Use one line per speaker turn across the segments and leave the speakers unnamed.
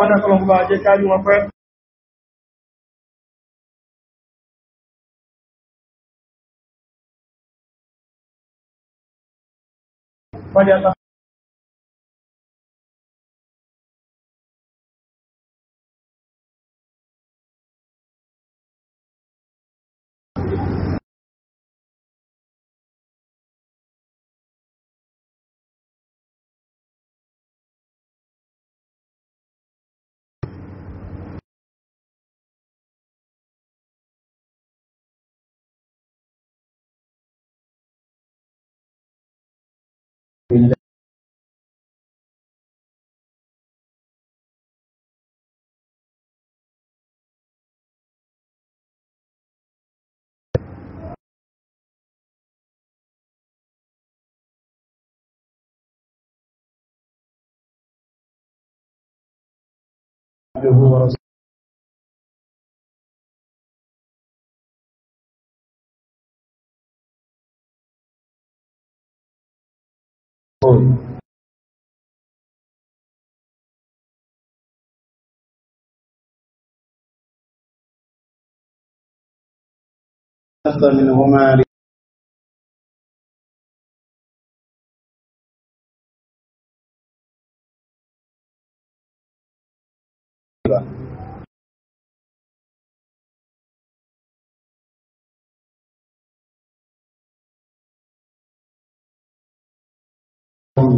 Pada kalau Allah aja kayu apa? Pada Allah. عبده ورسوله أفضل منهما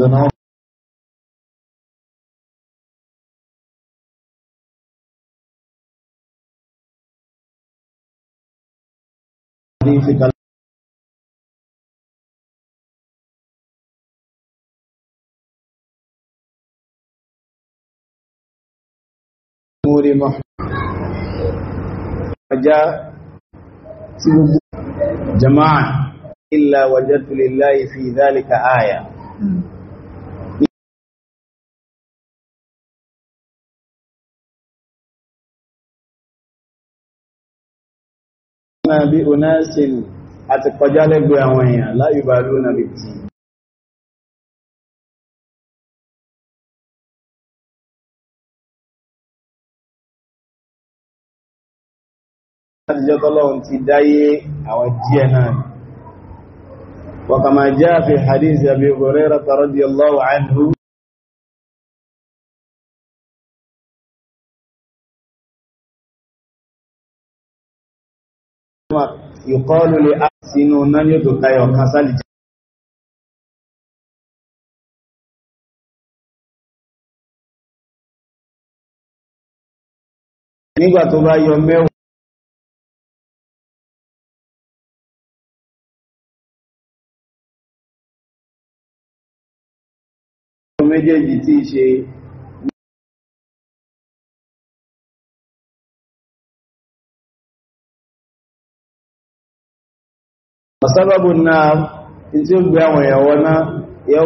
عندنا في جماعة إلا وجدت لله في ذلك آية bí onáṣìlì àti kọjá lẹ́gbẹ̀ẹ́ àwọn èèyàn láyùbá lónà lè tí láti jẹ́ tọ́lọ́run ti dáyé àwọn díẹ̀ náà وكما جاء في حديث أبي هريرة رضي ìkọlù lè á sínú náà yóò tó tayọ̀ kan sálì jẹ́ nígbà tó bá yọ mẹ́wàá méjèèjì tí ṣe ọ̀sábàbù náà tí ó gbé àwọn ìyàwó náà yẹ́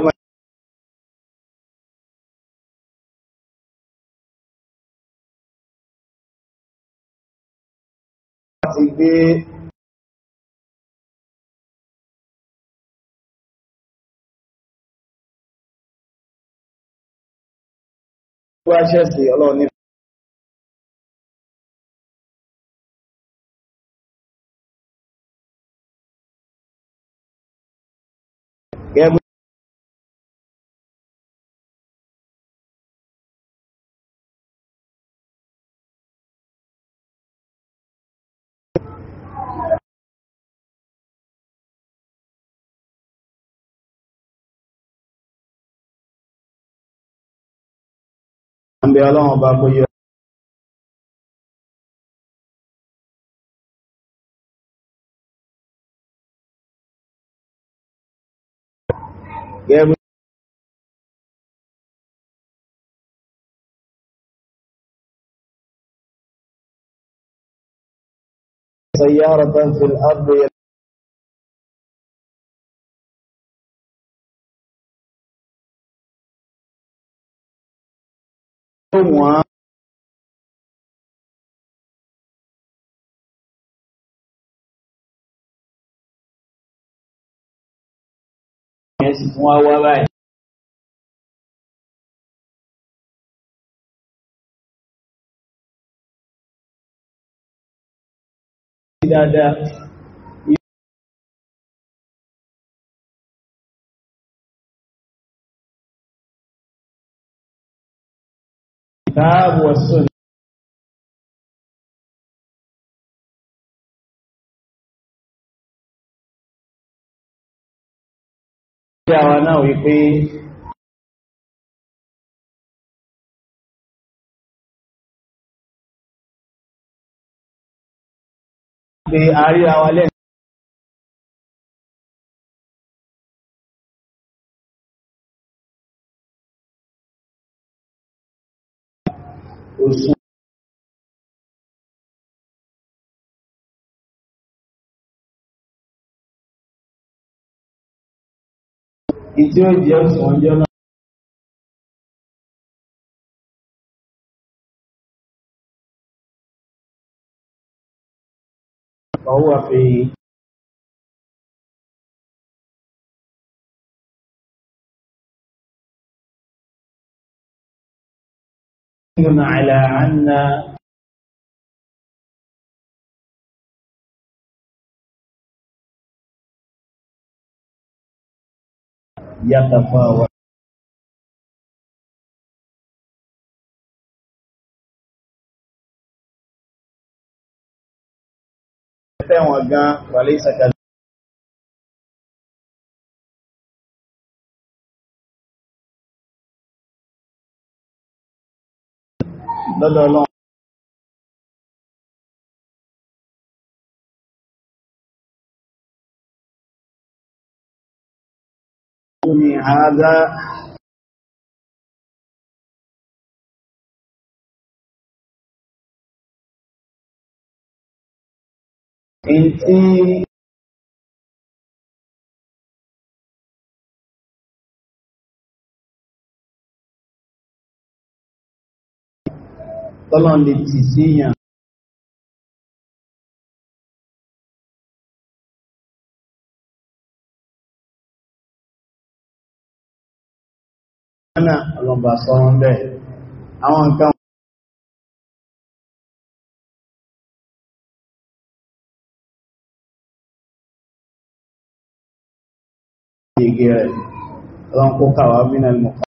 ti gbé wáṣẹ́sì gẹ́gẹ́ àbẹ̀ ọlọ́run ọba kó yẹ سيارة في الأرض يلومها wọ́n wá báyìí dáadáa ìtààbù ọ̀sán tí a wà náà wípé pé àárí àwà lẹ́ ìtí ó jẹ́ ọ̀sán ọjọ́ náà فهو في على عنا يتفاوت tẹ́wọ̀n gan wàlé ìsàkàlẹ̀. lọ́dọ̀ ọlọ́run هذا انتي tọ́lọ́n lè tì síyàn ana alomba son be awon kan yegere awon kau kau wa min al muqam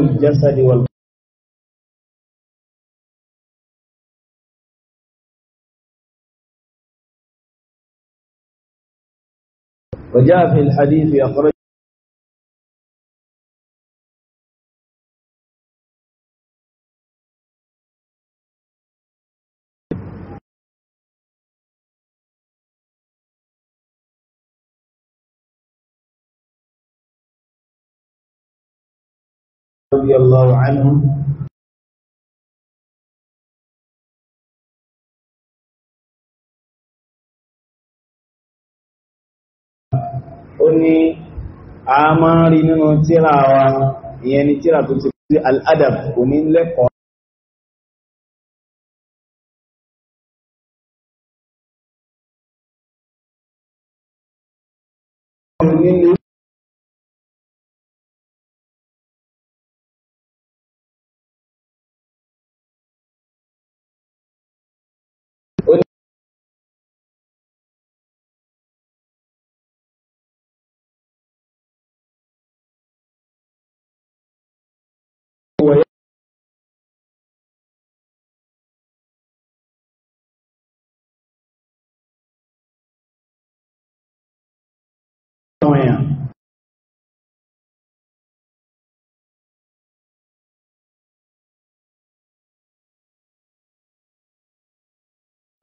al jasad wal وجاء في الحديث أخرج رضي الله عنهم ní a máa rí nínú tíra wa ìyẹn ni tíra tó ti fi al-adab lẹ́kọ̀ọ́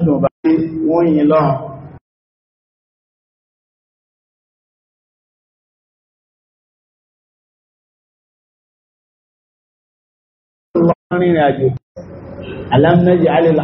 tó bá ní wọ́n yìn lọ́rùn lọ́rin ìrìnàjò alámẹ́jì alìlá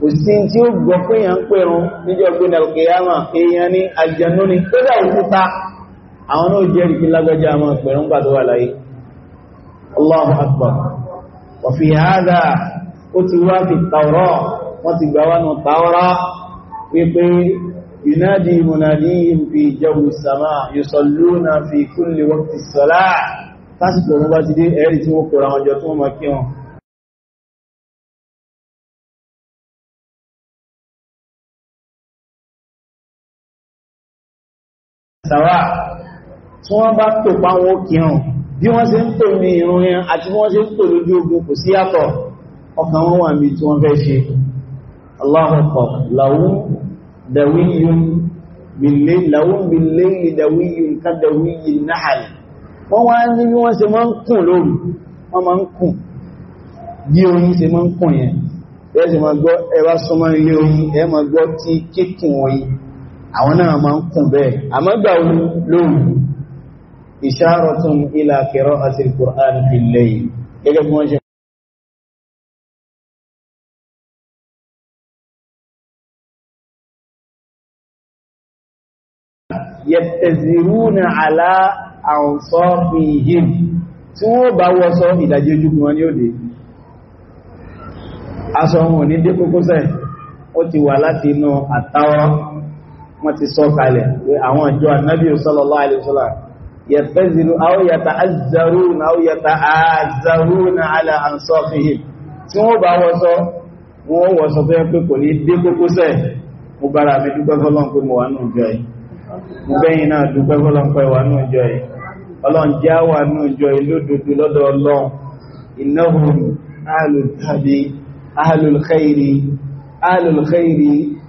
kò sí tí ó gbọ́ pé èèyàn ń pè rún níjọ́ gbéná kìyàmà èèyàn ní àjẹnú ni tó dà òkúta àwọn náà jẹ́rìí kí lágbájá àwọn pẹ̀rún pàtó wà láyé Allahu akbar wa fi hadha ó ti wá fi tàwọ́rọ́ wọ́n ti gbà wánú tàwọ́rọ́ wípé
sàwà tí wọ́n bá pè páwọn òkìrùn bí wọ́n ṣe ń
pè ní ìrun yẹn àti wọ́n ṣe ń pè lójú ogun kò sí yàtọ̀ ọkàn wọn wà níbi tí wọ́n fẹ́ ṣe aláhùnkọ̀ làwọn dàwíyùn bìlẹ́yìn dàwíyùn ká dàwíyìn náhàlì wọ́n wá ní bí wọ́n ṣe máa ń kùn lóru wọ́n máa ń kùn bí oyin ṣe máa ń kùn yẹn ẹ máa gbọ́ ẹ súnmọ́ ilé oyin ẹ máa gbọ́ tí kíkùn oyin àwọn náà máa ń
kùn bẹ́ẹ̀ àmọ́gbà lóòrùn ìṣàrọ̀tún ilá kẹrọ àti ìkùrán fi lẹ́yìn gẹ́gẹ́ bí wọ́n ṣe yẹ̀tẹ̀zìrúnà àlá àwọ̀sọ́ fi yìn
tí wọ́n bá wọ́sọ́ ìdàjẹ́ wọn ni ó dé aṣọ wọn ní dé kókósẹ̀ ó ti wà láti inú àtàwọn wọ́n ti sọ kalẹ̀ pé àwọn ìjọ ànábì sallallahu alaihi wasallam yẹ̀fẹ́zìlú àwòyàtà azzaruna àwòyàtà azzaruna ala ansafihim tí wọ́n bá wọ́sọ́ wọ́n wọ́sọ́ fẹ́ pé kò ní dé kókó sẹ́ mo bára mi dúpẹ́ fọ́lọ́n pé mo wà nù jọ yìí mo bẹ́yìn náà dúpẹ́ fọ́lọ́n pé wà nù jọ yìí ọlọ́run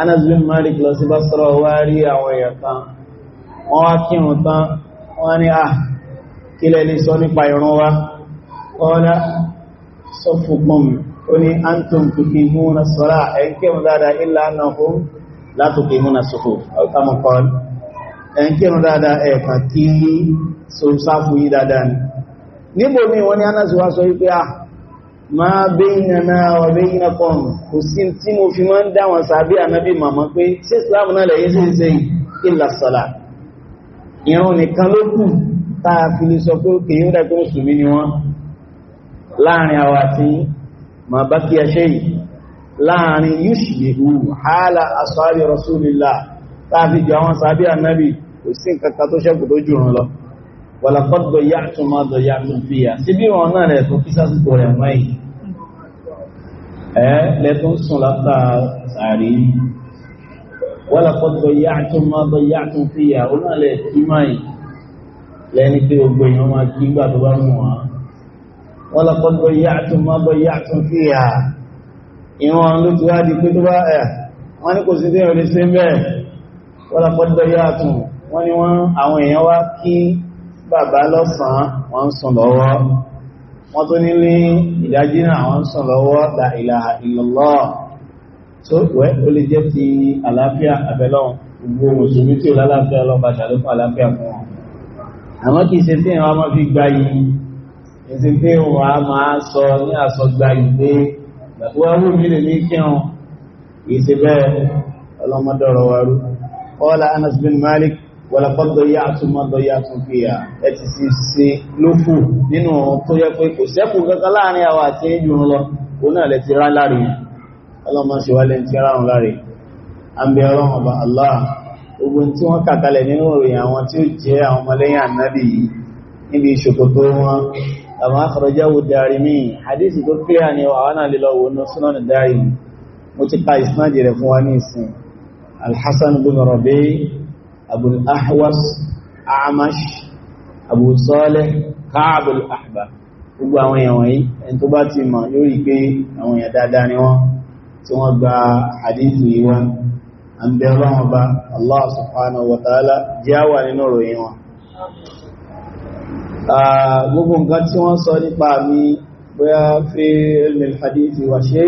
Anas bin Malik lọ sí Basra wá rí àwọn èèyàn kan wọ́n wá kírun tán wọ́n ní à ah, kílẹ̀ ní sọ nípa ìrun wa ọlá sọ fògbọ́n ó ní antum tukì múna sọ́lá ẹ̀kírun dáadáa ilá náà látòkè múna sọ́fò ọ̀tàmọ̀kọ́l ẹ̀kírun dáadáa ẹ̀kà kí sọ sáfù yí dáadáa ni ma baynana wa baynakum kò sí tí mo fi máa ń dá wọn sàbí ànábì màmá pé sí islam náà lẹ́yìn sí ṣe illa sala ìran nìkan ló kù tá a fi lè sọ pé òkè yíó dàgbé mùsùlùmí ni wọ́n láàrin àwọn àti ma bá kí ẹṣẹ́ yìí láàrin yushbihu hálà ashabi rasulillah tá a fi jọ àwọn sàbí ànábì kò sí nǹkan kan tó ṣẹ́kù tó jù rán lọ wàlàkọ́dọ̀ yá tó máa dọ̀ yá tó fi yà sí bí wọn náà lẹ́tọ́ fi sásìkò rẹ̀ mọ́ì ẹ́ lẹ́tọ́ sùn látà sàárì wàlàkọ́dọ̀ yá tó máa dọ̀ yá tó fi yà ó náà lẹ́ kí mọ́ì lẹ́ni pé gbogbo èèyàn máa kí gbà tó bá mú wọn wàlàkọ́dọ̀ yá tó máa dọ̀ yá tó fi yà ìwọ̀n ló ti wá di pé tó bá ẹ̀ wọ́n ní kò sí dé òrìṣẹ́ bẹ́ẹ̀ wàlàkọ́dọ̀ yá tó wọ́n ní wọ́n àwọn èèyàn wá kí bàbá lọ́sàn wọ́n ń sùn lọ́wọ́ wọ́n tó ní ní ìdájí náà wọ́n ń sùn lọ́wọ́ la ilaha illallah tó wẹ́ ó lè jẹ́ ti àlàáfíà abẹ́lọ́un gbogbo mùsùlùmí tí ó lálàáfíà lọ bàtà ló fún àlàáfíà fún wọn àmọ́ kìí ṣe tí ìwọ́n máa fi gba yìí èsì pé wọ́n a máa sọ ní àsọgbà ìgbé ìgbàgbọ́wọ́ mi lè ní kírun ìṣẹ́bẹ́ ọlọ́mọdọ̀rọ̀ wárú qala Anas bin Malik wọ̀lọ̀pọ̀ dọ̀yà túnmọ̀ dọ̀yà tún fi à ẹ̀tì sí sí lófù nínú tó yẹ pé kò sẹ́kù kankan láàrin àwọn àti ìjùn lọ òun náà lẹ ti rán láàrin ọlọ́mọ ti ráhùn láàrin àmì ọlọ́mọ bá Allah ogun tí wọ́n kàkalẹ̀ nínú ìròyìn àwọn tí ó jẹ́ àwọn ọmọlẹ́yìn ànábì yìí níbi ìṣòkòtò wọn àmọ́ àfọ̀rọ̀jáwò darí mi àdísì tó kíyà ni àwọn náà lè lọ wò ní súnà ní darí mo ti ka ìsìnájì rẹ̀ fún wa ní ìsìn alhassan bin rabi abul ahwas amash abu salih káàbùl ahba gbogbo àwọn èèyàn wọ̀nyí ẹni tó bá ti mọ̀ yóò rí pé àwọn èèyàn dáadáa ni wọ́n tí wọ́n gba hadithu yìí wá an bẹ ọlọ́run bá Allah subhanahu wa ta'ala jẹ́ àwà nínú ròyìn wọn gbogbo nǹkan tí wọ́n sọ nípa mi bóyá fi ilmi hadithi wa ṣe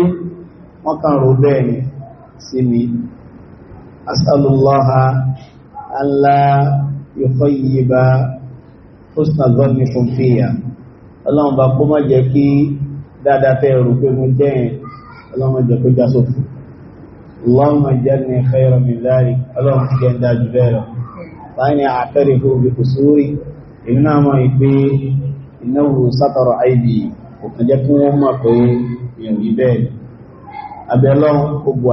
wọ́n kan rò bẹ́ẹ̀ ni sí mi as'alullaha alá yọkọ yìí bá hosna gọ́ọ̀mì fún fìyà ọlọ́run bá kó má jẹ́ kí dáadáa fẹ́ rò pé mo jẹ́ yẹn ọlọ́run jẹ́ kó já sófò اللهم اجعلني خيرا من ذلك اللهم اجعلني داج بيرا فاني اعترف بقصوري انما يبي انه ستر عيبي òkànjẹ́kún wọ́n máa pé èèyàn yìí bẹ́ẹ̀ abẹ́lọ́run gbogbo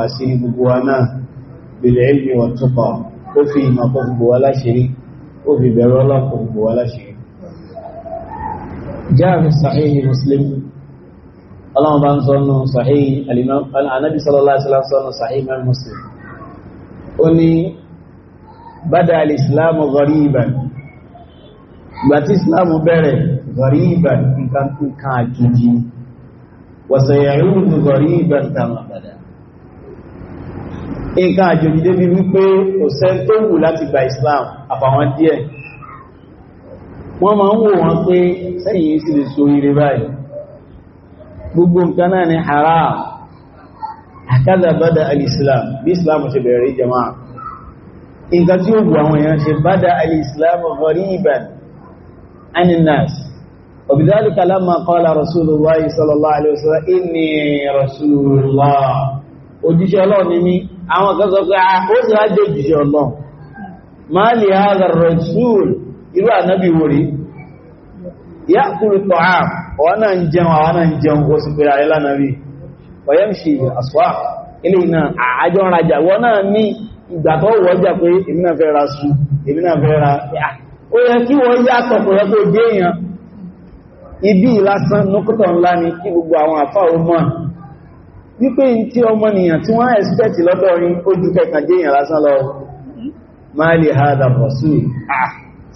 wa náà bil ilmi wat ó fi ìmọ̀ kó fi bò wá láṣìírí ó fi bẹ̀rù ọlọ́run kó fi bò wá láṣìírí jáàmù sàhíhì muslim ọlọ́run bá ń sọ nù sàhíhì anábì sallallahu alaihi wasallam sọ nù mẹ́rin muslim nǹkan àjòjìdé bí wípé òsẹ́ tó wù láti gba Islam àfàwọn díẹ̀ wọ́n máa ń wò wọ́n pé sẹ́yìn sí lè so ire báyìí gbogbo nǹkan náà ni haram àkádà bada al-Islam bí Islam ṣe bẹ̀rẹ̀ jama'a nǹkan tí ó wù àwọn èèyàn ṣe bada al-Islam ghariban aninas وبذلك لما قال رسول الله صلى الله عليه وسلم إني رسول الله ojúṣẹ́ ni mí àwọn kan sọ pé ah, ó sì wá dé jùjọ lọ máa lè hàzà rọ̀súùl irú ànábì wò rí yá kúrò tọ́ à ọwọ́ náà ń jẹun àwọn náà ń jẹun ó sì pèrè àrílà náà rí ọ̀yẹ́mṣì àṣwà ilé iná àjọ rajà wọ́n náà ní ìgbà tó wọ́jà pé èmi náà fẹ́ ra su èmi náà fẹ́ ra ó yẹ kí wọ́n yàtọ̀ kò yẹ kó dé èèyàn ibi ìlásán nókútọ̀ ńlá ni kí gbogbo àwọn àfáà ó mọ̀ wípé tí ọmọnìyàn tí wọ́n ẹ̀sìpẹ̀tì lọ́dọ̀ yín ojú kẹkànjẹ́ èèyàn lásán lọ máa lè ha dàbọ̀ sí Ah,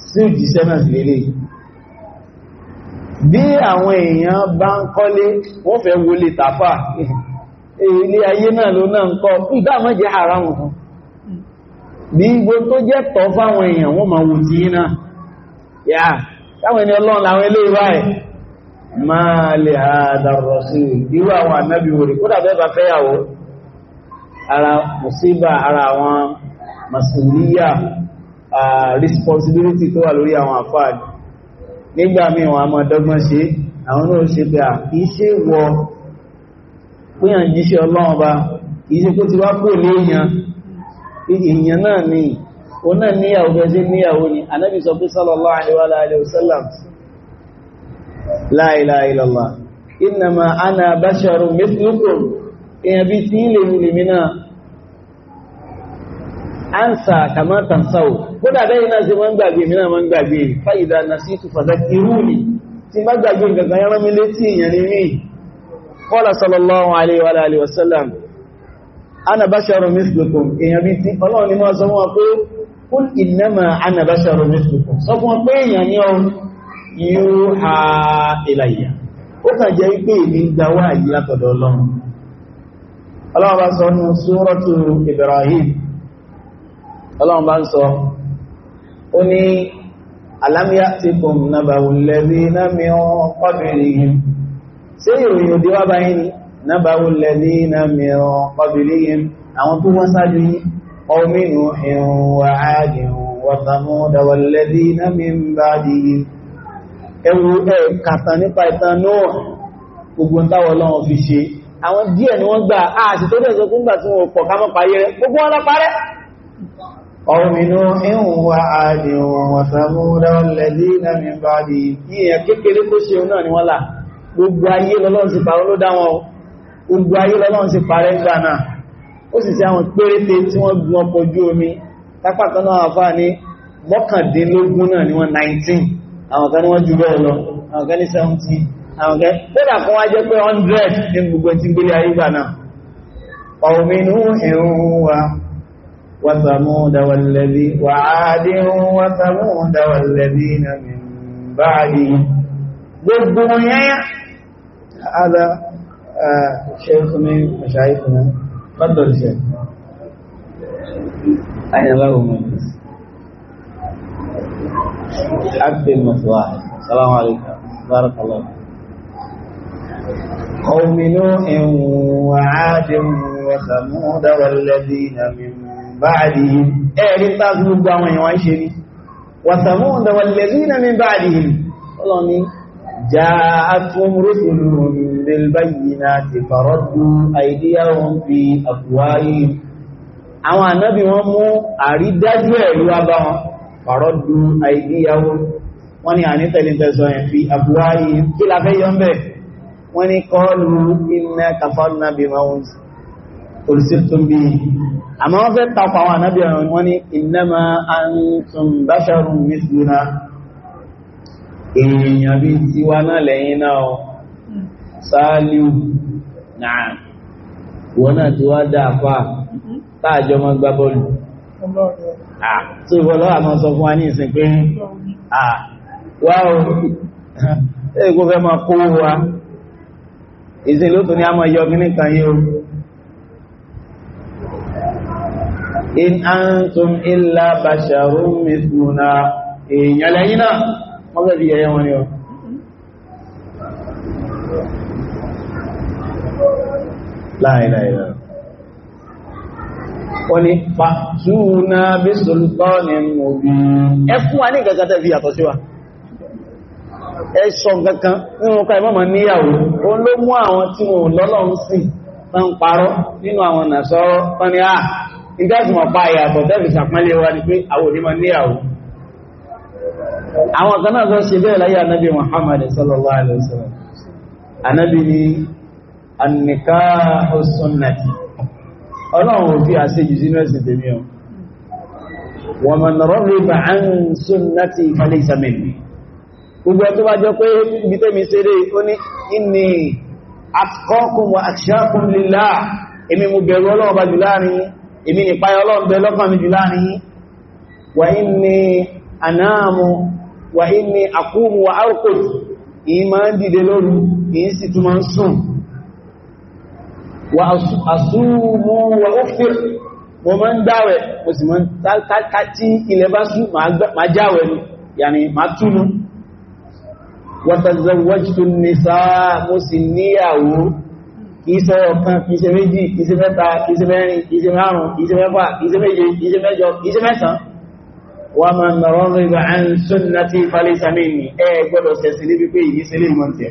sí òjíṣẹ́ náà sí lélẹ̀ bí àwọn èèyàn bá ń kọ́lé wọ́n fẹ́ wọlé tàfà ilé ayé náà ló náà ń kọ́ ìdáàmọ́ jẹ́ haramu kan bí igbó tó jẹ́ tọ́ fáwọn èèyàn wọ́n máa wò tí náà yà táwọn ẹni ọlọ́run làwọn eléyìí báyìí máa lè àdàrọ̀ sí irú àwọn ànábì orí kó dàbẹ́ bá fẹ́yàwó ara mùsíbà ara àwọn masuliya responsibility tó wà lórí àwọn àfáàdì nígbà míì wọn a máa dọ́gbọ́n ṣe àwọn náà ṣe pé à kìí ṣe wọ píyàn jíṣẹ́ ọlọ́run bá kìí ṣe kó ti wá kó lé èèyàn èèyàn náà ni òun náà níyàwó gẹ́gẹ́ níyàwó ni ànábì sọ pé sallallahu alaihi wa alihi wasallam la ilaha illallah innama ana basharun mithlukum èèyàn bíi tí ilé mi lèmi náà ansa kama tansaw kódà bẹ́yìn náà sí máa ń gbàgbé mi náà máa ń gbàgbé fa idha nasitu fadhakkiruni tí bá gbàgbé gangan yára mi létí èèyàn ni mí qala sallallahu alaihi wa alihi wa sallam yúhà ìlàyà ó kàn jẹ́ wípé èmi ń gba wá yìí látọ̀dọ̀ ọlọ́run ọlọ́run bá sọ nínú súrọ́tù Ibrahim ọlọ́run bá ń sọ ó ní alam ya'tikum naba'ul ladhina min qablihim ṣé ìròyìn òdíwá báyìí ni naba'ul ladhina min qablihim àwọn tó wọ́n sáájú ọmọ inú ìrùn wa'adin wa thamuda wal ladhina min ba'dihim ẹwù ẹ kàtàn nípa ìtàn náà gbogbo ń táwọ̀ lọ́wọ́ fi ṣe àwọn díẹ̀ ni wọ́n gbà àti tó dẹ̀sọ fún gbà tí wọ́n pọ̀ ká mọ́ payé rẹ̀ gbogbo wọn lápárẹ́ ọ̀rùnmínú ìhùn wa àdìhùn wàtàmúdá ni wọ́n là gbogbo ayé lọ́lọ́run ti parẹ́ ló dá wọn gbogbo ayé lọ́lọ́run ti parẹ́ ń gbà náà ó sì sí àwọn ni wọ́n 19 àwọn kan ní wọ́n jù bẹ́ẹ̀ lọ àwọn kan ní 70 àwọn kan kódà kan wá jẹ́ pé 100 ní gbogbo tí gbélé ayígbà náà ọ̀mìnú ìrún wa وثمود والذي وعاد وثمود والذين من عبد المثواه السلام عليكم بارك الله قوم نوح وعاد وثمود والذين من بعدهم ايه لتاز مبدا وين وين وثمود والذين من بعدهم والله جاءتهم رسل بالبينات فردوا ايديهم في افواههم àwọn ànábì wọn mú àrídájú ẹ̀rí wá fàrọ́dù àìdíyàwó wọ́n ni ànítẹ̀lẹ̀tẹ̀sọ yẹn fi àbúwá yìí kí la fẹ́ yọ ń bẹ̀ wọ́n ni kọlu iná kàfàlùnà bí wọ́n olùsí tó bí àmọ́ wọ́n fẹ́ tapọ̀ àwọn ànábì ọ̀rọ̀ wọ́n ni iná ma ń tún tó ah. ìwọ lọ́wọ́ àmọ́ sọ fún wa ní ìsìn pé ah, wá o èkó fẹ́ máa kó wa ìsìn ló tún ní àmọ́ yọ kí nìkan yìí in antum illa basharun mithluna èèyàn lẹ́yìn náà wọ́n fẹ́ fi yẹ̀yẹ́ wọn ni o láìláìláì wọ́n ni fàtúnà bí sultani mọ̀bí ẹ fún wa ní gẹ́gẹ́ tẹ́ fi yàtọ̀ sí wa ẹ sọ gẹ́gẹ́ nínú ká ìmọ́mọ̀ níyàwó o ló mú àwọn tí wọn lọ́lọ́run sí tán parọ́ nínú àwọn nàṣọ́rọ́ wọ́n ni ah ìgbẹ́sùmọ̀ pa ìyàtọ̀ tẹ́ fi sàpánlé wa ni pé àwọn onímọ̀ níyàwó àwọn kan náà tó ṣe bẹ́ẹ̀ láyé anábi Muhammad sallallahu alaihi wasallam anábi ni annika sunnati ọlọ́run ò fi àṣejù sínú ẹ̀sìn tèmi ọ wọ́n mọ̀ nọ̀rọ̀ rí bà á ń sún láti ìfàlẹ̀ ìsàmẹ̀lì gbogbo tó bá jọ pé ibi tẹ́mi ṣeré ó ní inni atqakum wa akhshakum lillah èmi mo bẹ̀rù ọlọ́run bẹ lọ́kàn mi jù láàrin wa inni anáàmù wa inni aqumu wa arqud ìyí máa ń dìde lóru ìyí sì tún ń sùn wà asúmú wà ófẹ́ mo ma ń dáwẹ̀ mo sì mọ́ tàtí ilẹ̀ bá sú ma jáwẹ̀ ní yàní ma túnú wàtàzẹ̀wọ́jútó nìsá mo sì níyàwó kìí ṣe ọ̀kan kìí ṣe méjì kìí ṣe mẹ́ta kìí ṣe mẹ́rin kìí ṣe márùn kìí ṣe mẹ́fà kìí ṣe méje kìí ṣe mẹ́jọ kìí ṣe mẹ́sàn wà máa nọ̀rọ̀ rẹ̀ bá ń sunnati falẹ́sàmì ní ẹ gbọ́dọ̀ sẹ̀sì níbi pé ìyí sílé mọ́ntẹ̀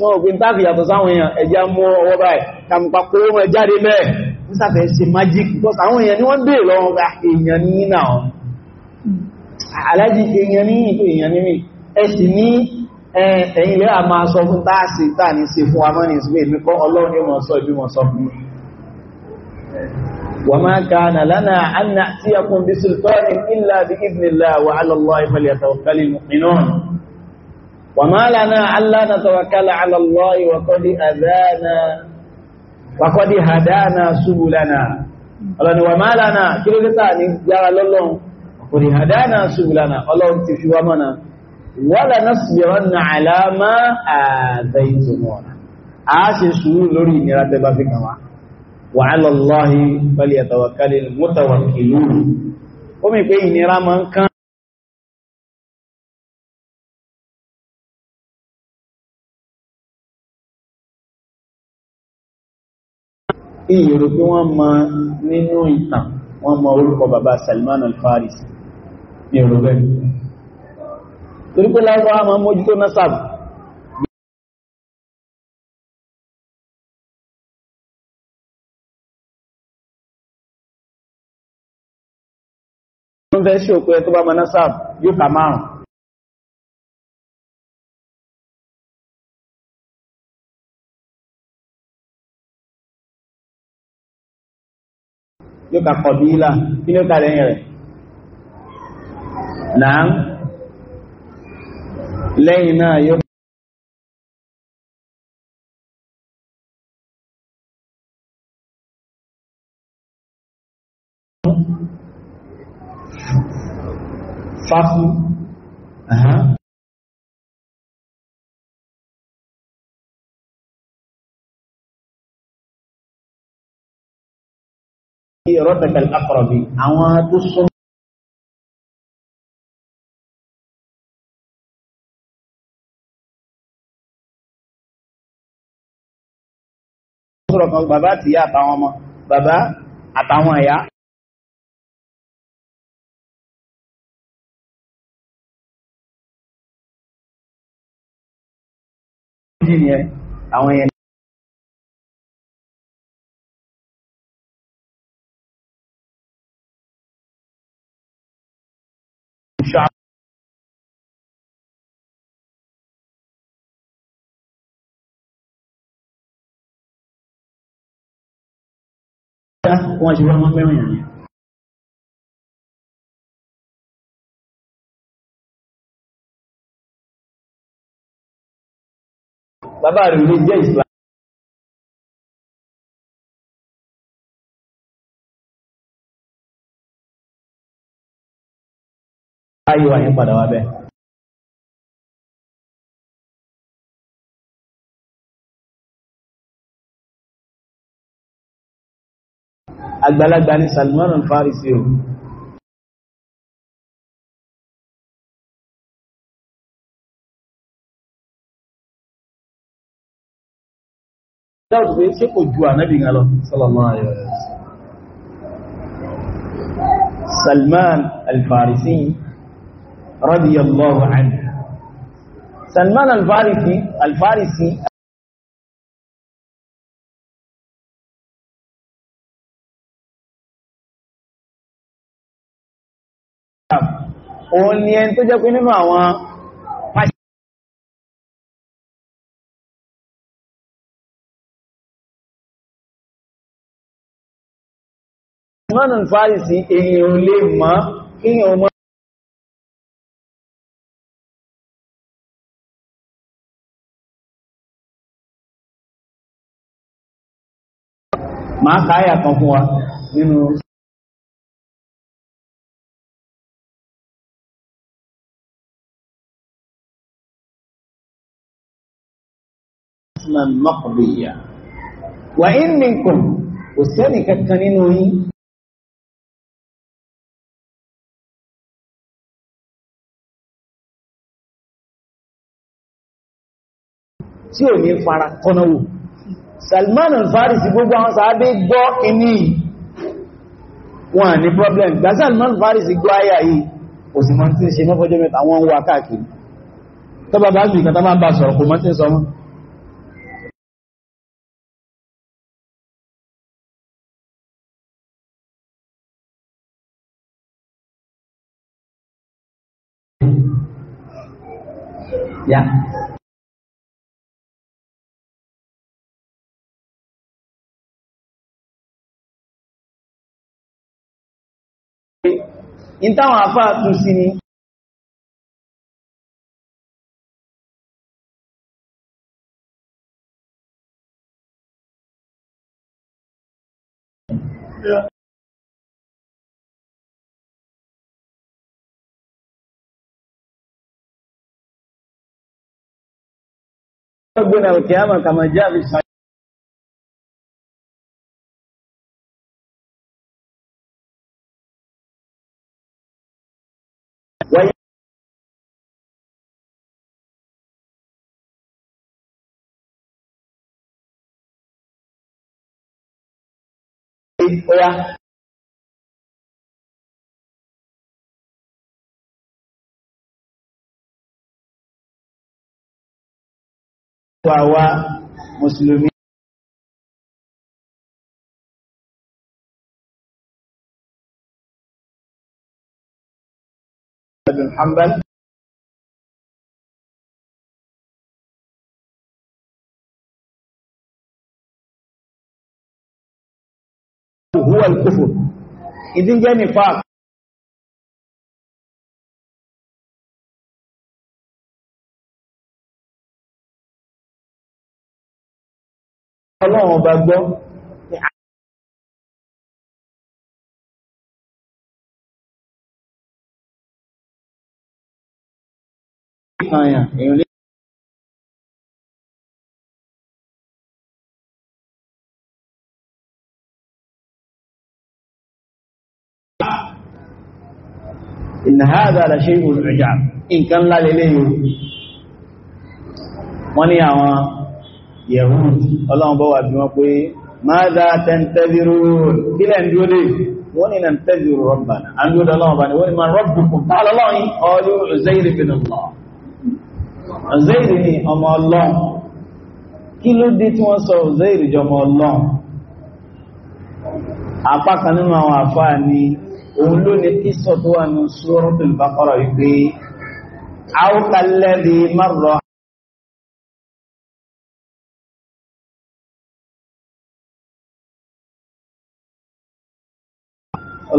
tí wọ́n òfin táàkì yàtọ̀ sáwọn èèyàn ẹ̀yà mọ́ ọwọ́ báyìí kàmùpá kó mọ̀ jáde bẹ́ẹ̀ ń sàfẹ́ ṣe magic because àwọn èèyàn ni wọ́n bèèrè lọ́wọ́ bá ah, èèyàn ní náà alájí èèyàn ní ìpé èèyàn ní mi ẹ̀sì ní ẹ̀yìn lẹ́wà máa sọ fún táàsì táà ní ṣe fún amọ́ni ìsúgbé mi kọ́ ọlọ́run yóò mọ̀ sọ ìbí وما لنا ألا نتوكل على الله وقد أذانا وقد هدانا سبلنا ọlọ́ni wà máa lánàá kí ló dé sáà ní yára lọ́lọ́run kò ní àdáná ṣùgbùlánà ọlọ́run ti fi wá mọ́nà wọ́lá náà ṣùgbọ́n na àlàmà ààbẹ̀ ìtùmọ̀
a ṣe sùúrù lórí ìyèrò pé wọ́n mọ nínú ìtàn wọ́n mọ orúkọ bàbá Salman al-Farisi ní èrò rẹ̀ torí pé láwọ́ àmà mójútó nasab wọ́n fẹ́ ṣe òpin ẹ̀ tó bá mọ nasab yóò kà márùn-ún ló ka kọ̀bílà kí ló ka lẹ́yìn rẹ̀ náà lẹ́yìn náà yóò fáfú ربك الأقرب عواد الصم bàbá àti ìyá àtàwọn ọmọ bàbá àtàwọn ẹ̀yà jíni àwọn ẹ̀yà wọ́n ṣe wọ́n pẹ́rùn yàn bàbá rẹ̀ ní jẹ́ ìsìlá ayíwá yẹn padà wá bẹ́ẹ̀ àgbàlagbà ní Salman al-Farisi o dáwọ̀ pé ṣe kò ju ànábì gan lọ sallallahu alaihi wasallam Salman al-Farisi radiyallahu anhu Salman al-Farisi al-Farisi òun ni ẹni tó jẹ́ pé nínú àwọn Imanu Farisi èyàn lè mọ́ kíyàn mọ́ máa káyà kan fún wa nínú hasman maqdiya wà منكم وسني kò sẹ́ni kankan nínú yín tí ò ní fara kọ́náwò Salman al-Farisi gbogbo àwọn sàábé gbọ́ iní
wọn ní problem gba Salman al-Farisi gbọ́ ayà yìí kò sì mọ́ tí ń ṣe
mọ́fọ́jọ́ mẹ́ta wà káàkiri tọ́bàbá jù ìkàtà máa bá sọ̀rọ̀ kò mọ́ tí ń sọ mọ́ ya in táwọn àfáà tún sí siku ya kiyama kama javi Oh yeah. وهو مسلم بن حنبل هو الكفر إذن جاني فاق ọlọ́run bá gbọ́ إن هذا لشيء عجاب إن كان لا لليه wọ́n ní
yẹ̀hùn ọlọ́run bọ́ wà bí wọ́n pé máadá tẹ́ntẹ́zìrò kílẹ̀ ń dúó lè wọ́n ni na tẹ́zìrò rọ́bà á ń dúó lọ́wọ́ bá ní wọ́n ni ma rọ́bù kù bá lọ́lọ́rin ọdún ọ̀zẹ́ìrì bin Allah ọ̀zẹ́ìrì ni ọmọ ọlọ́run kí ló dé tí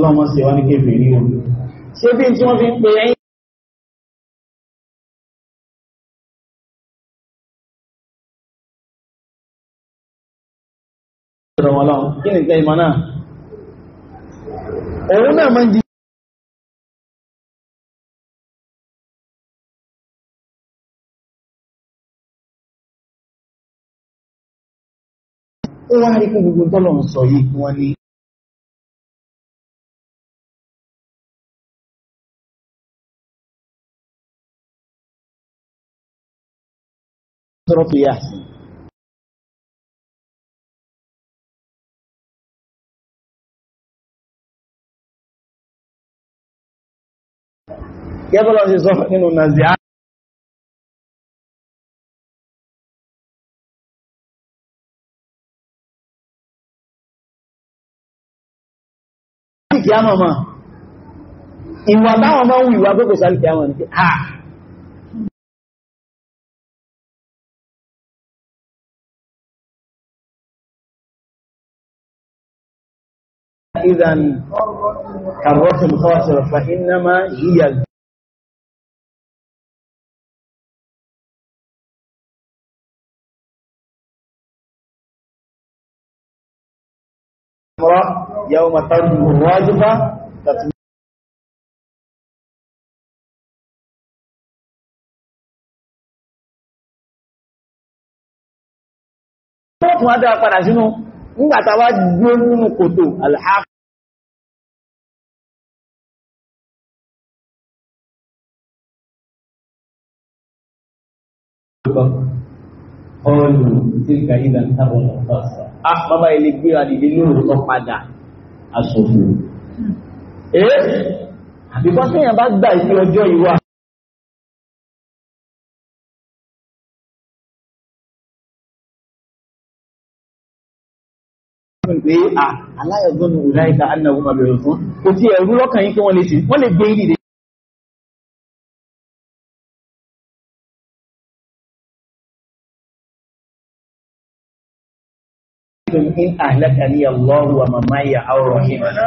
ọlọ́mọ sí wá ní kéfèé ní òun ṣé bí tí wọ́n fi ń pe ẹ̀yìn ọlọ́run kí ni ìgbẹ́ ìmọ̀ náà òun náà máa ó wá rí pé gbogbo tọ́lọ̀ ń sọ yìí wọ́n ní sọ́rọ̀tù yáàsì gẹ́bọ́lọ́ sí sọ nínú nàzíà Ìwà táwọn máa ń wù ìwà gbogbo sálìkì àwọn ìpé, إذا كررت مخاصرة فإنما هي يوم ترجم الواجفة ماذا قرأ شنو؟ إنك تواجه نكتو الحق lọ ọlù tilka ìdá tábọ̀ lọ́sọ̀. a bàbá ilé gbéra dìde lóòrò tó padà aṣòfò. ee àbíkọ́ sẹ́yìn bá gbà ìpé ọjọ́ ìwà. pé ah, aláyọ̀gbọ́n ìlàíta annagun abẹ̀rẹ̀ fún kò tí ẹ̀rú lọ́kàn yí kí wọ́n lè ṣe wọ́n lè gbé ìdìde in ahlakani Allahu wa mamaya aw rahimana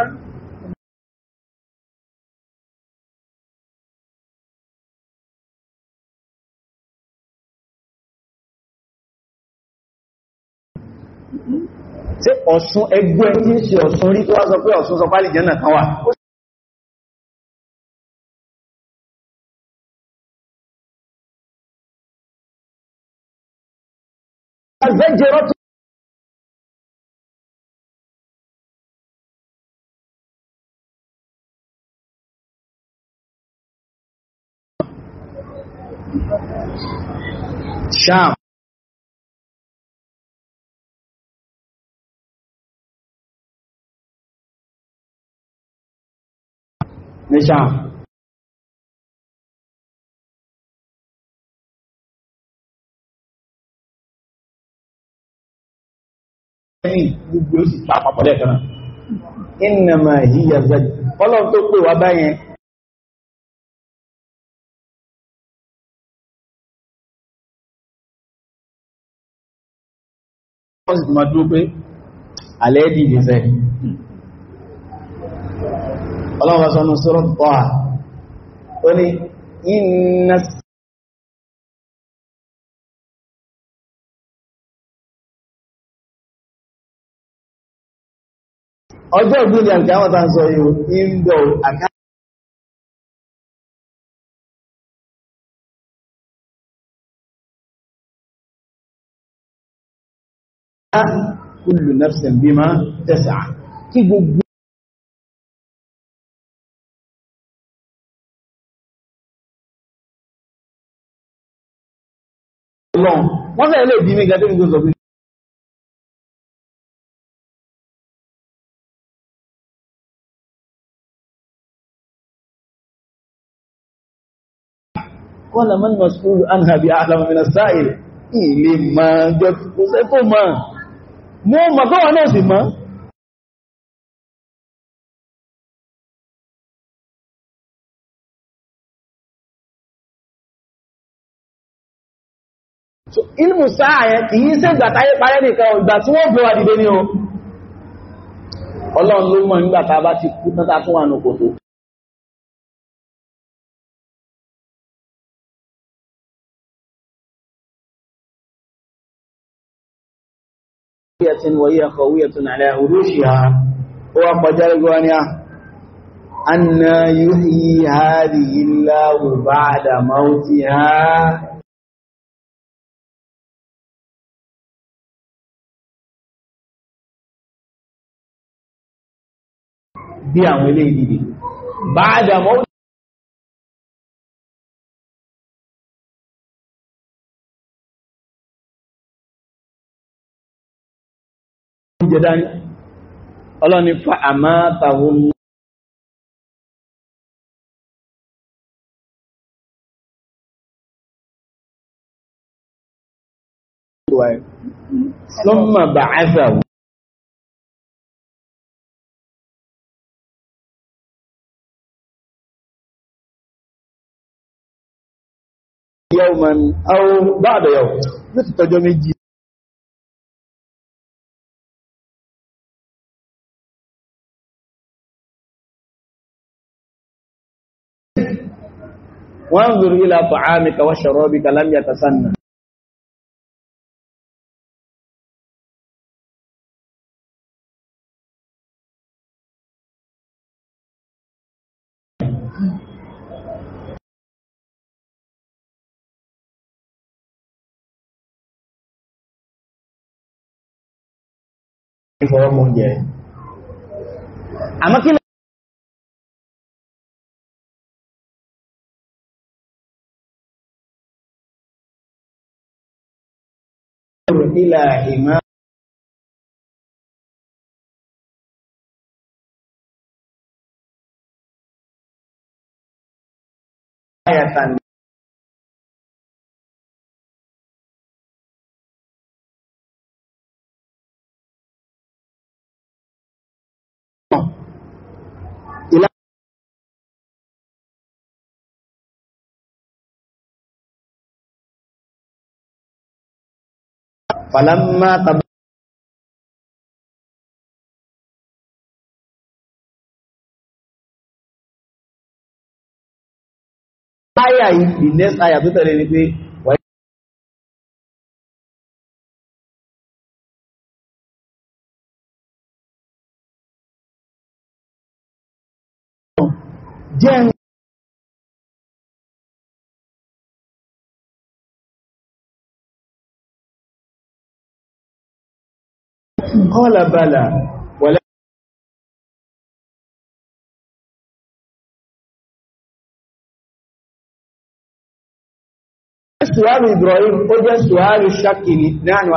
ṣe ọ̀sún ẹgbẹ́ tí ń ṣe ọ̀sún rí tó wá sọ pé ọ̀sún sọ pálì kan wà Azẹ́jẹ́rọ́tù sham ní sham ẹ̀yìn gbogbo ó sì pàpàpọ̀ lẹ́ẹ̀kan náà ìnàmà ìyàzà ọlọ́run tó pè wá báyẹn sì tó máa dúró pé àlẹ́ẹ̀dì ìgbésẹ̀ ọlọ́wọ́ sọ́nà sọ́rọ̀ bọ́à ó ní iná ọjọ́ ìgbìyànjú àwọn tàbí sọ yóò ń àkáà kullu nafsin bima tas'a kí gbogbo ọlọ́run wọ́n fẹ́ lè bí mi gẹ́gẹ́ bí gbogbo Kọ́lá mọ́n masúrù an hàbí àlàmà sáàìlì ilé máa jọ kò sẹ́kọ́ máa mo ma tó wà náà sì mọ́ ilmù sáà yẹn kìí sí ìgbàtàyé parẹ́ nìkan ìgbà tí wọ́n gbọ́wà dìde ní o ọlọ́run ló mọ̀ nígbàtà bá ti kú tátà tún wà ní وهي قوية على عروشها وقدر قوانيا أن يحيي هذه الله بعد موتها bí àwọn ilé dání ọlọ́ni fa àmá tàwọn ثم بعثه يوما أو بعد يوم ní tọ́jọ́ méjì wanzur ila ta'amika wa sharabika lam yatasanna ìfọwọ́mọ̀ jẹ́ àmọ́ kí bila hima ayatan falamma tab Aya yìí, the next aya tó tẹ̀lé ni pé, wà قال بلى ولكن سؤال إبراهيم وجه سؤال الشك نحن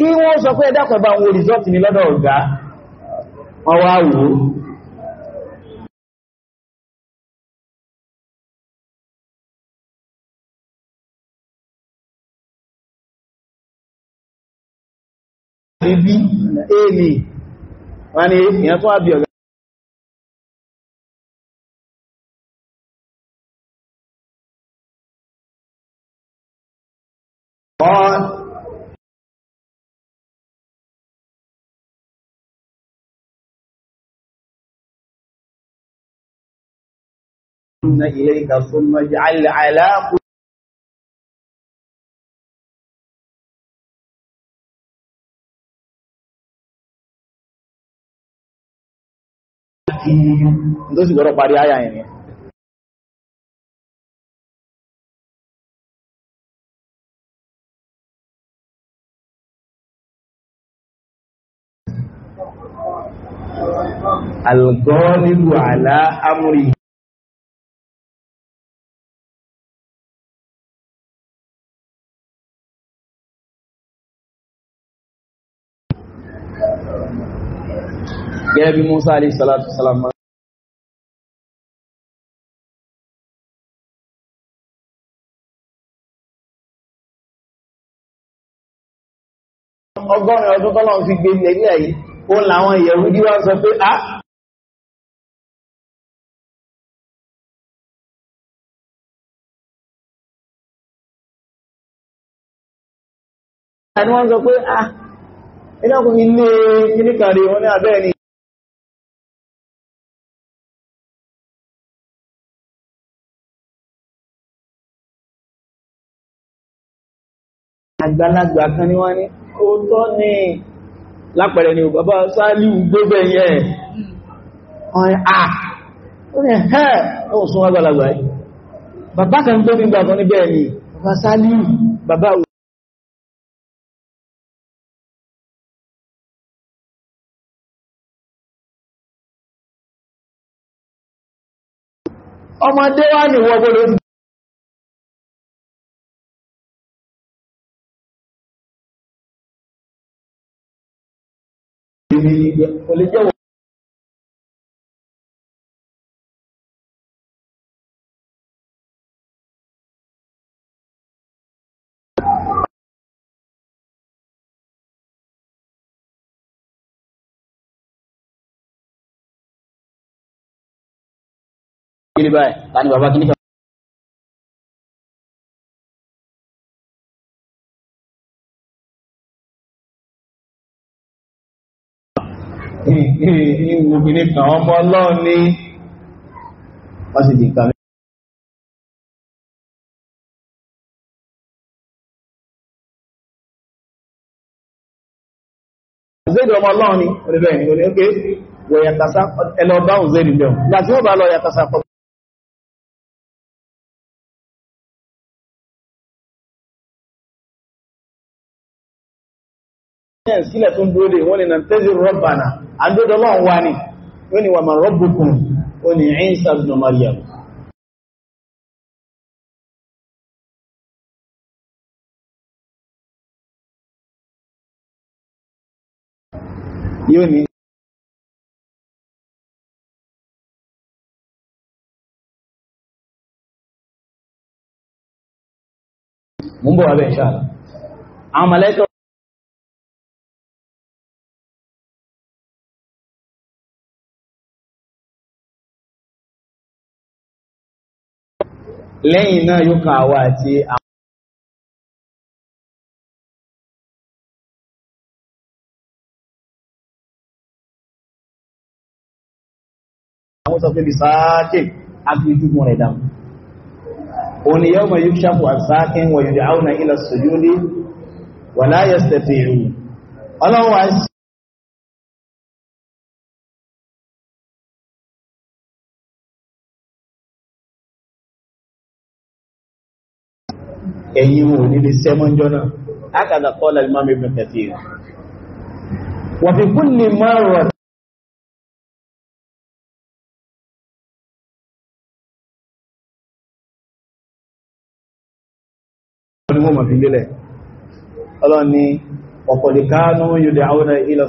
kí wọ́n sọ pé ẹ̀dàkọ̀ ẹ̀bá àwọn olùsọ́tì ní lọ́dọ̀ ọ̀gá wọ́n wá wò ó bíbí èèmì wọ́n ni èyàn tó àbí ọ̀gá إليك ثم اجعل على àti tó sì gbọ́rọ̀ parí àyà ẹ̀rin Al-Ghalibu ala amri ànábì Musa alayhi salatu wasalam ọgọ́rin ọdún tọ́lọ̀ fi gbé ilẹ̀ ilẹ̀ yìí ó làwọn Yẹhudi wá sọ pé ah ni wọ́n sọ pé ah ẹgbẹ́ ilé kìníkàrí wọn ní abẹ́ ni àgbàlagbà kan ní wọ́n ní ó tọ́ ní
lápẹẹrẹ ni bàbá sáàlìú gbébẹ̀ yẹ
ọ̀rẹ́ à ó ní ẹ̀ ó sún àgbàlagbà kan tó ní ni bàbá sáàlìú bàbá ọmọdé wá ní wọ́gbọ́n lórí rí ibẹ̀ kò lè jẹ́ Kiri báyìí, ta ni bàbá kìíní ìwò obìnrin kan ọmọ ọlọ́run ní wọ́n sì dìkan Zéèdì ọmọ ọlọ́run ni, orí bẹ́ẹ̀ ni, orí ókè, wọ̀yàtàsá, ẹlọ báhùn Zéèdì bẹ̀rùn. Ìgbà tí wọ́n bá lọ yàtàsá pọ̀ yẹn sílẹ̀ tó ń dúró dé wọ́n ni na tẹ́sí rọ́bànà àdúdọ́ lọ́n wá ní wọ́n ni wà máa rọ́bùkún wọ́n ni Isa ibn Maryam yóò ní bọ̀ wà bẹ̀ ṣáà àwọn mọ̀lẹ́kọ̀ lẹ́yìn náà yóò kan àwa àti àwọn àwọn sọ pé bí sáàkì agbójúgun rẹ̀ dáhùn òní yau mai yíò ṣàpù àsáàkì wọ̀nyí àwọn ilẹ̀ sojúdí wà láyé stẹ̀tẹ̀ ìrù ọlọ́wọ́ ẹ̀yìn wọn nílé sẹ́mọ́njọ́ náà akàdà kọ́lá Imam Ibn Kathir wa fi kulli marra ni wọ́n ma fi lélẹ̀ ọlọ́ni ọ̀pọ̀lẹ̀kánú yóò dẹ̀ àwọn ilẹ̀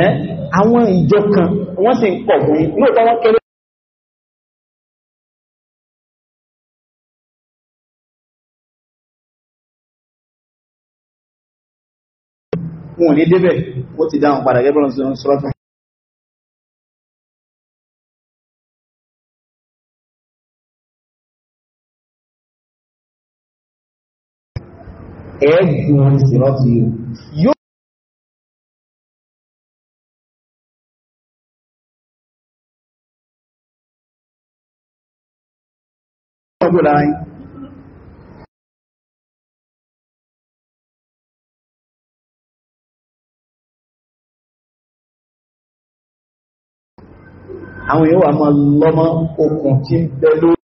ẹ́ àwọn ìjọ kan wọ́n sì ń pọ̀ fún lóòtọ́ wọ́n kéré wọn ní débẹ̀ ó ti dáhùn padà gẹ́bẹ̀rún sí ọ̀sọ́rọ̀fẹ́ ẹgbùn ìsìnrọ̀ ti yóò kò lára yìí àwọn èèyàn wà máa lọ́mọ́ okùn tí ń bẹ lórí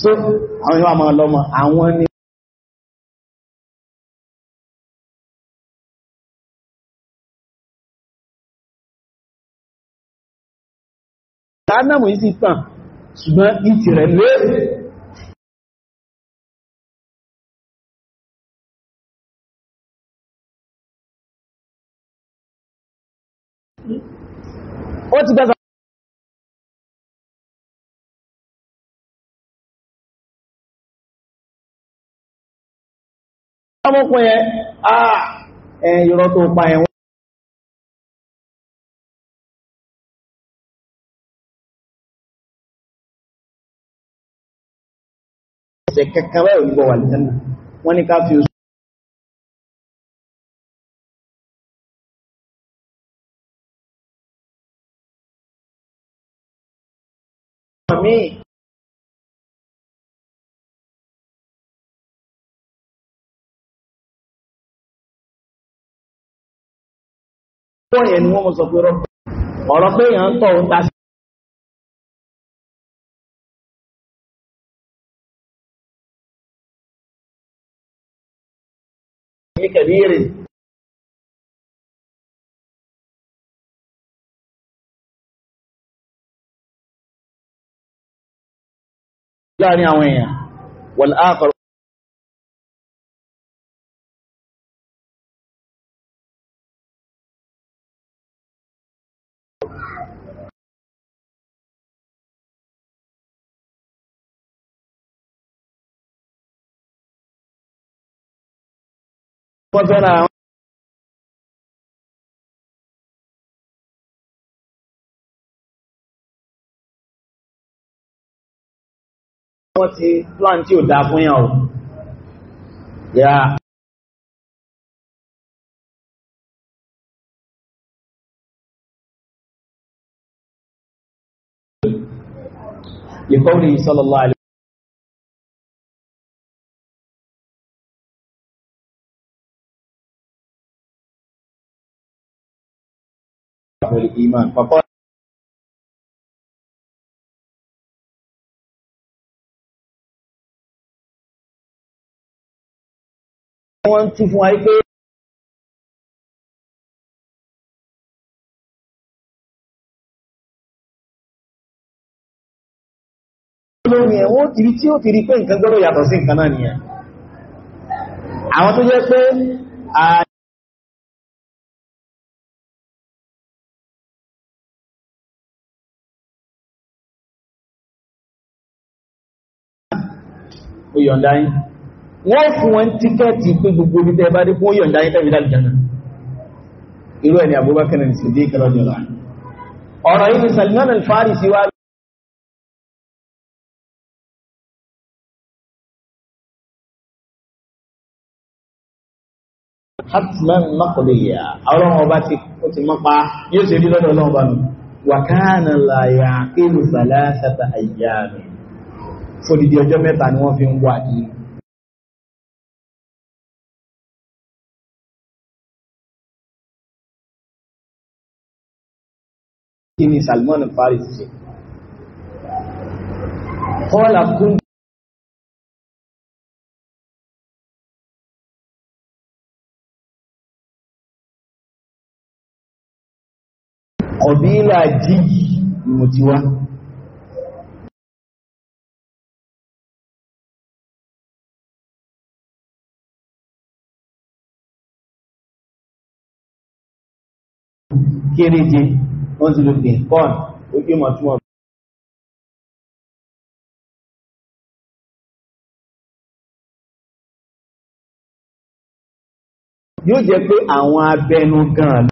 so àwọn èèyàn wà máa lọ́mọ́ àwọn ni jahannam yìí sì tàn ṣùgbọ́n ìtì rẹ̀ lé ó ti gbẹ́sà ọmọkùnrin ẹ̀ àà ah, ẹ̀yìn ìrọ̀ tó pa ẹ̀wọ̀n ẹ̀ṣẹ̀ kankan báyìí onígbọ̀ wà lẹ́nà wọ́n ní ká fi oṣù Wọ́n yẹn ọ̀rọ̀ pé èèyàn tọ̀ ń ta sí كبير لا نعوية والآخر wọ́n fẹ́ràn àwọn wọ́n ti plan tí ò dá fún yàn ò yà لقوله صلى الله عليه الإيمان فقال wọ́n tún fún ayé pé lórí ẹ̀wọ́n tìrí tí ó tìrí pé nǹkan gbọ́rọ̀ yàtọ̀ sí nǹkan náà nìyẹn àwọn tó jẹ́ pé ó yọ̀ǹda yín wọ́n fún wọn tíkẹ́ẹ̀tì pé gbogbo ibi bá dé fún yọ̀ǹda yín tẹ́bí dájú ọba ti ó ti mọ́pa yóò ṣe rí lọ́dọ̀ ọlọ́run ọba nù wàkánà láyà ìlú sàlásàtà àyàmì fòdìdí ọjọ́ mẹ́ta ni wọ́n fi ń wà ní kí ni Salman ṣe kọ́lá kún ọ̀bílà jíyì ni mo kéréje wọ́n ti lò dìkọ́n ó gbé mọ̀ túnmọ̀ yóò jẹ́ pé àwọn abẹnu gan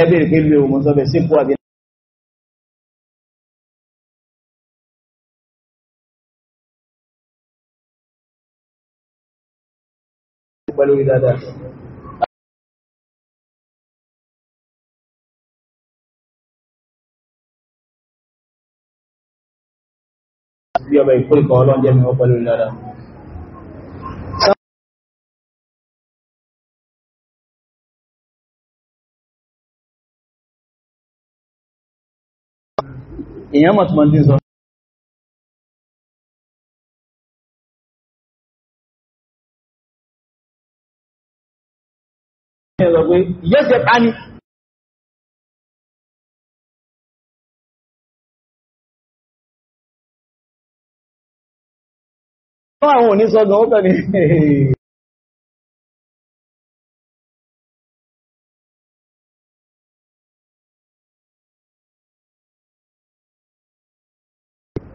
ẹbẹ̀rẹ̀ pé lè òmùsọ́bẹ̀ sípò àbí pẹ́ lórí dáadáa bí ọba ìkórìkọ ọlọ́njẹ́ mi wọ́n pẹ́ lórí dáadáa èèyàn mọ̀túnmọ̀ tí ń sọ ẹ̀rọ pé yẹ́sẹ̀ bá ní fún àwọn onísọ́gbọ̀n ó pẹ̀lú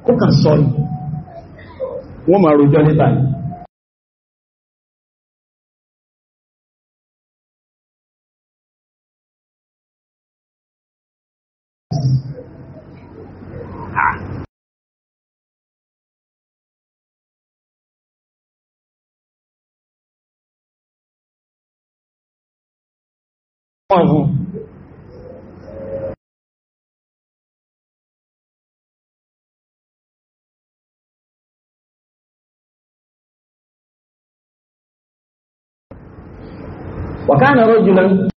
kó kà sọ́rọ̀ wọ́n máa rojọ́ níta ni كان رجلا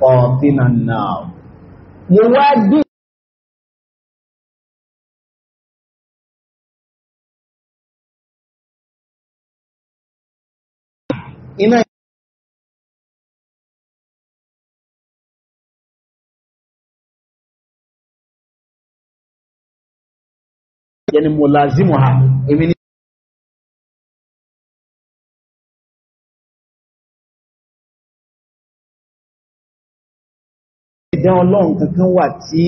قاطنا النار يوادي إنا yẹni mo lázimu ha èmi ní ìdán ọlọ́run kankan wà tí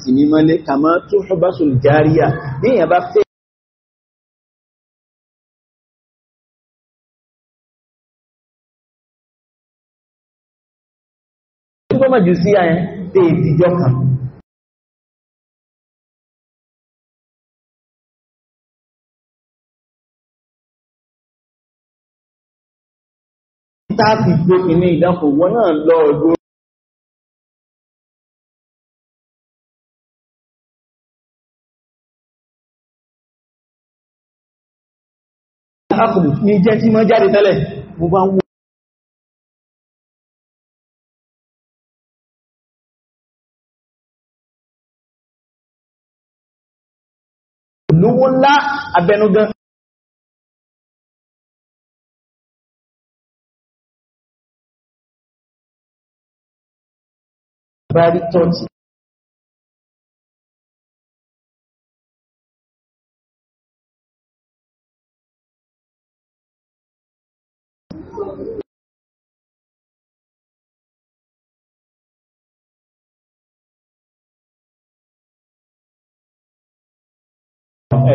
ti mímọ́lé tó ṣọ́bá sọ̀rọ̀ járíà ní ìyàbá fẹ́ mọ̀jú sí àyẹn tẹ́ ìdíjọ́ kan táàkì tó kìíní ìdánkò wọ́n náà lọ ọgbọ́n ní jẹ́ tí mọ́ jáde tẹ́lẹ̀, mo bá ń wọ́n. abẹnugan bá rí tọ́tí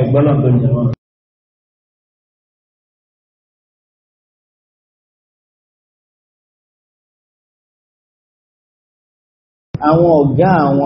ẹgbọ́lọ̀ tó jẹ wọn àwọn ọ̀gá àwọn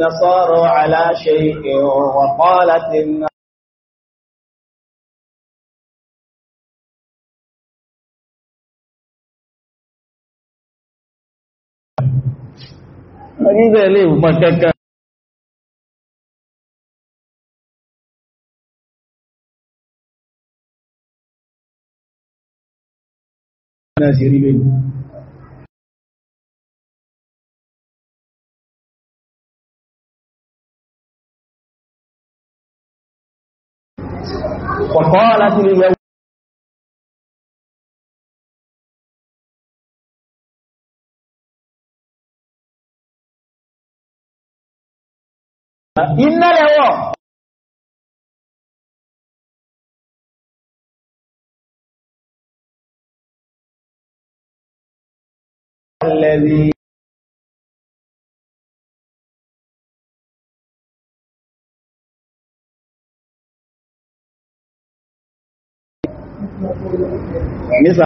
النصارى على شيء وقالت عند لي مكك ناس يريدون وقالت اليوم إن الهواء الذي Ini sah-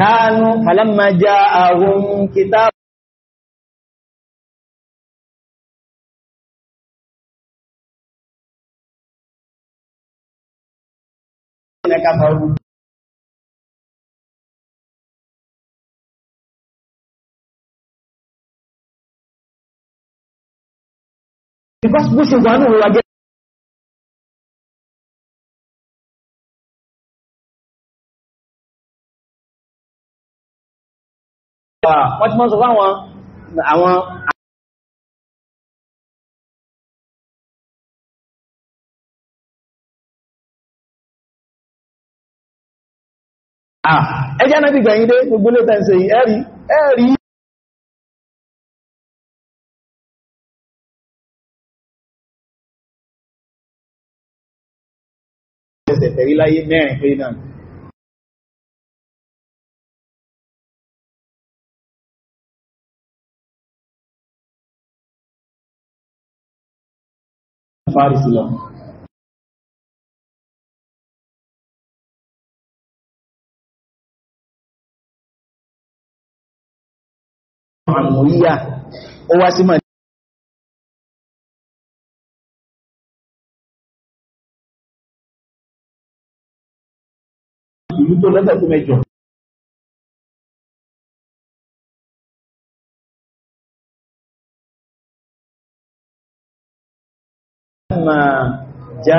kanu Kalau ja'ahum kitab kafaru because bó ṣe wà ní òwúwà jẹ́ ah, wọ́n ti mọ́ sọ fáwọn àwọn ẹjá náà bí gbẹ̀yìn dé gbogbo lé tẹ́ǹsẹ̀ yìí ẹ̀rí ẹ̀rí ẹ̀sẹ̀ tẹ̀rí láyé mẹ́rin pé náà fárí sílọ̀ àmúríyà ó wá sí màá ìlú tó lọ́tọ̀ tó mẹ́jọ. Mà já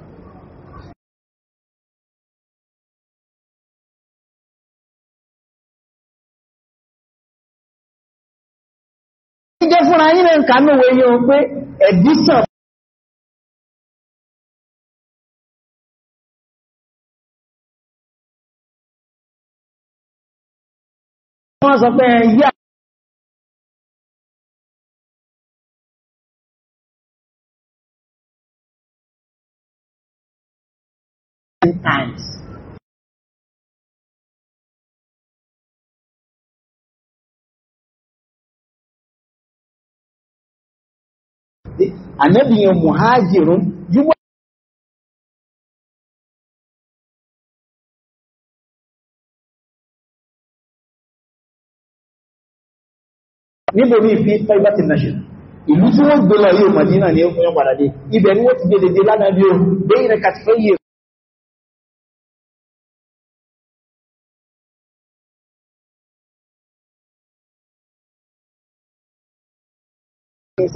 fúnra yín lẹ́ kàánúwé yíò pé ẹ̀dísàn wọ́n sọ pé ànábì yẹn muhajirun yíwọ́ níbo ní ìfi tọ́ibátì nation ìlú tí wọ́n gbé lọ yóò Mádínà ní ọkùnrin padà dé ibẹ̀ ni wọ́n ti dédé lánàá bí o dé ìrẹ́ kàtífẹ́ yìí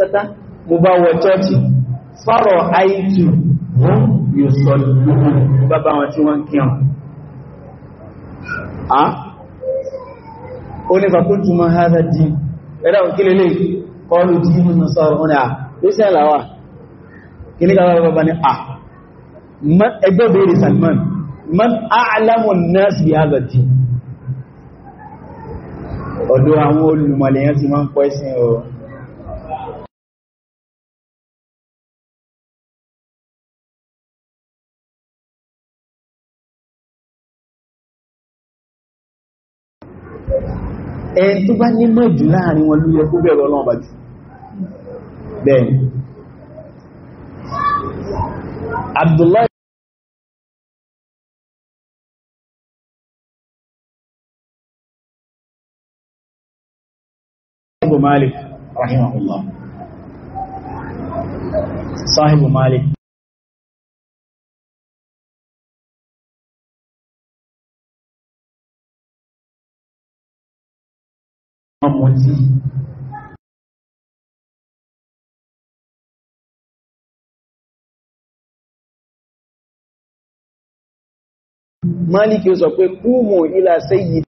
sata mo bá wọ chọ́ọ̀tì fọ́rọ̀ àìtù wọ́n yóò sọ lórí bàbá wọn tí wọ́n kí hàn
á ó ní fàkúntù mọ́ hádà dí ẹ̀dà òkílélé kọlu dí nínú sọ́rọ̀ wọn à lóṣẹ́ àlàwà à man a'lamu an-nas bi hádà dí ọ̀dọ̀ àwọn
olùmọ̀lẹ̀yàn ti máa ń pọ́ ẹ̀sìn ẹni tó bá ní mọ̀ jù láàrin wọn ló yẹ kó bẹ̀rẹ̀ ọlọ́run bàjú bẹ́ẹ̀ni Abdullahi Malik rahimahullah sahibu Malik mutí Málìkì sọ pé kúmù ilá sẹ́yìí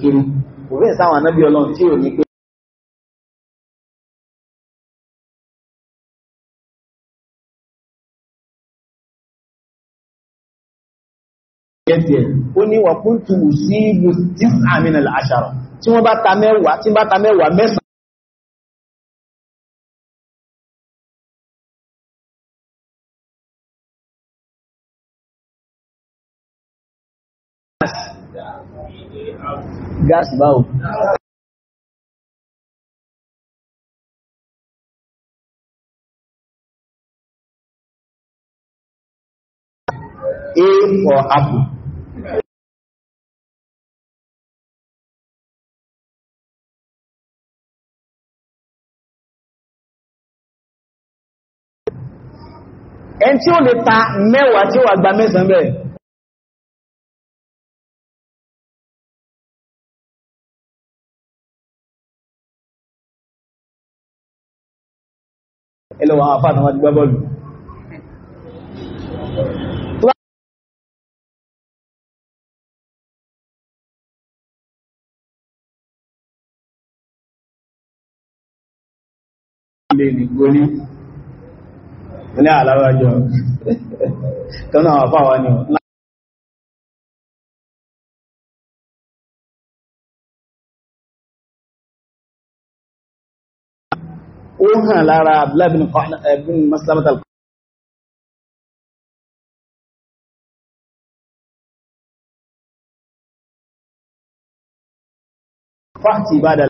kiri kò fẹ́ sáwọn anábí ọlọ́run tí ò ní pé ó ní wọ̀kúntù sí ibù tí àmìnà àṣàrọ̀ tí wọ́n bá ta mẹ́wàá tí wọ́n bá ta mẹ́wàá mẹ́sàn gáàsì báwo A for apple ẹn tí ó lè ta mẹ́wàá tí ó wà gba mẹ́sàn-án bẹ̀rẹ̀ ẹlọ àwọn afá àtàwọn àdúgbà bọ́ọ̀lù ilé ìgbóní ní àlàrájọ́ kanáà àfáwà ni ó hàn lára abúlábìn maslamatal fàtí ìbádà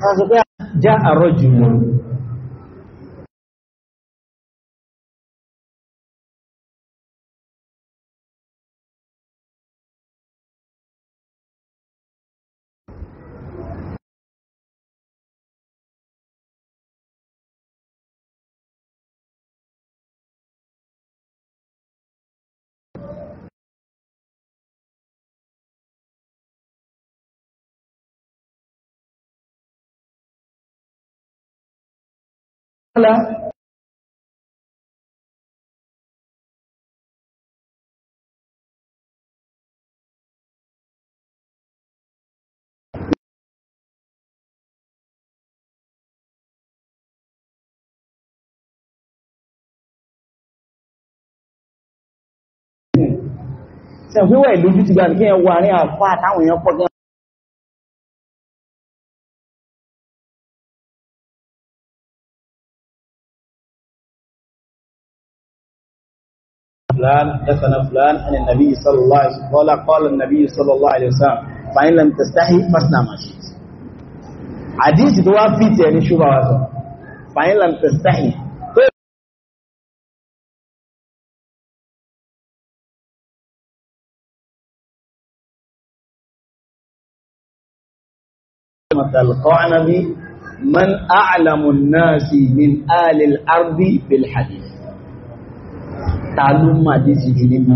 Ká sọ pé já àrọ́jù mọ̀. ta'ala tí a fi wà ìlójú ti gbà ní kí ẹ wà ní àpá àtàwọn èèyàn pọ̀ فلان حدثنا فلان عن النبي صلى الله عليه وسلم قال قال النبي صلى الله عليه وسلم فإن لم تستحي فاصنع ما شئت حديث دوا في يعني شو بقى فإن لم تستحي تلقعن من أعلم الناس من آل الأرض بالحديث ta ló mà dé sí jù nínú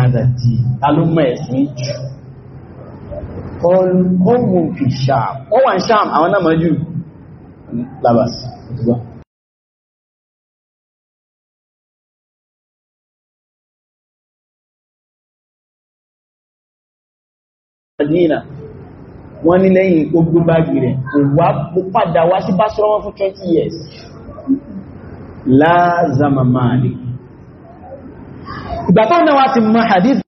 àdàtì ta ló mọ̀ ẹ̀sìn jù ọmọ fi ṣàm ó wà ń ṣàm àwọn náà mọ́jú labas ìtùgbọ́ Medina wọ́n ní lẹ́yìn tó gbé báàgì rẹ̀ kò wá mo padà wá sí Basra fún 20 years
láàzàmàmáàlì
ìgbà tó náà wá ti mọ́ hadith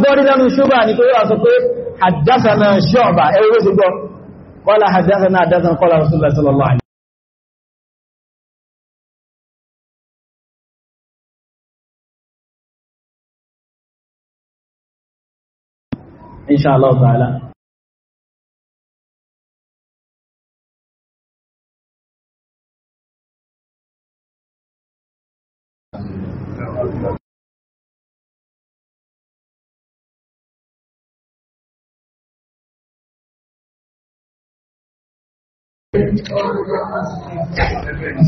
gbọ́rí lẹ́nu ṣúgbà ní torí àṣọ pé
haddathana Shu'ba ẹwọ́ gbogbo qala haddathana haddathana qala Rasulullah sallallahu alaihi إن شاء الله تعالى Thank you.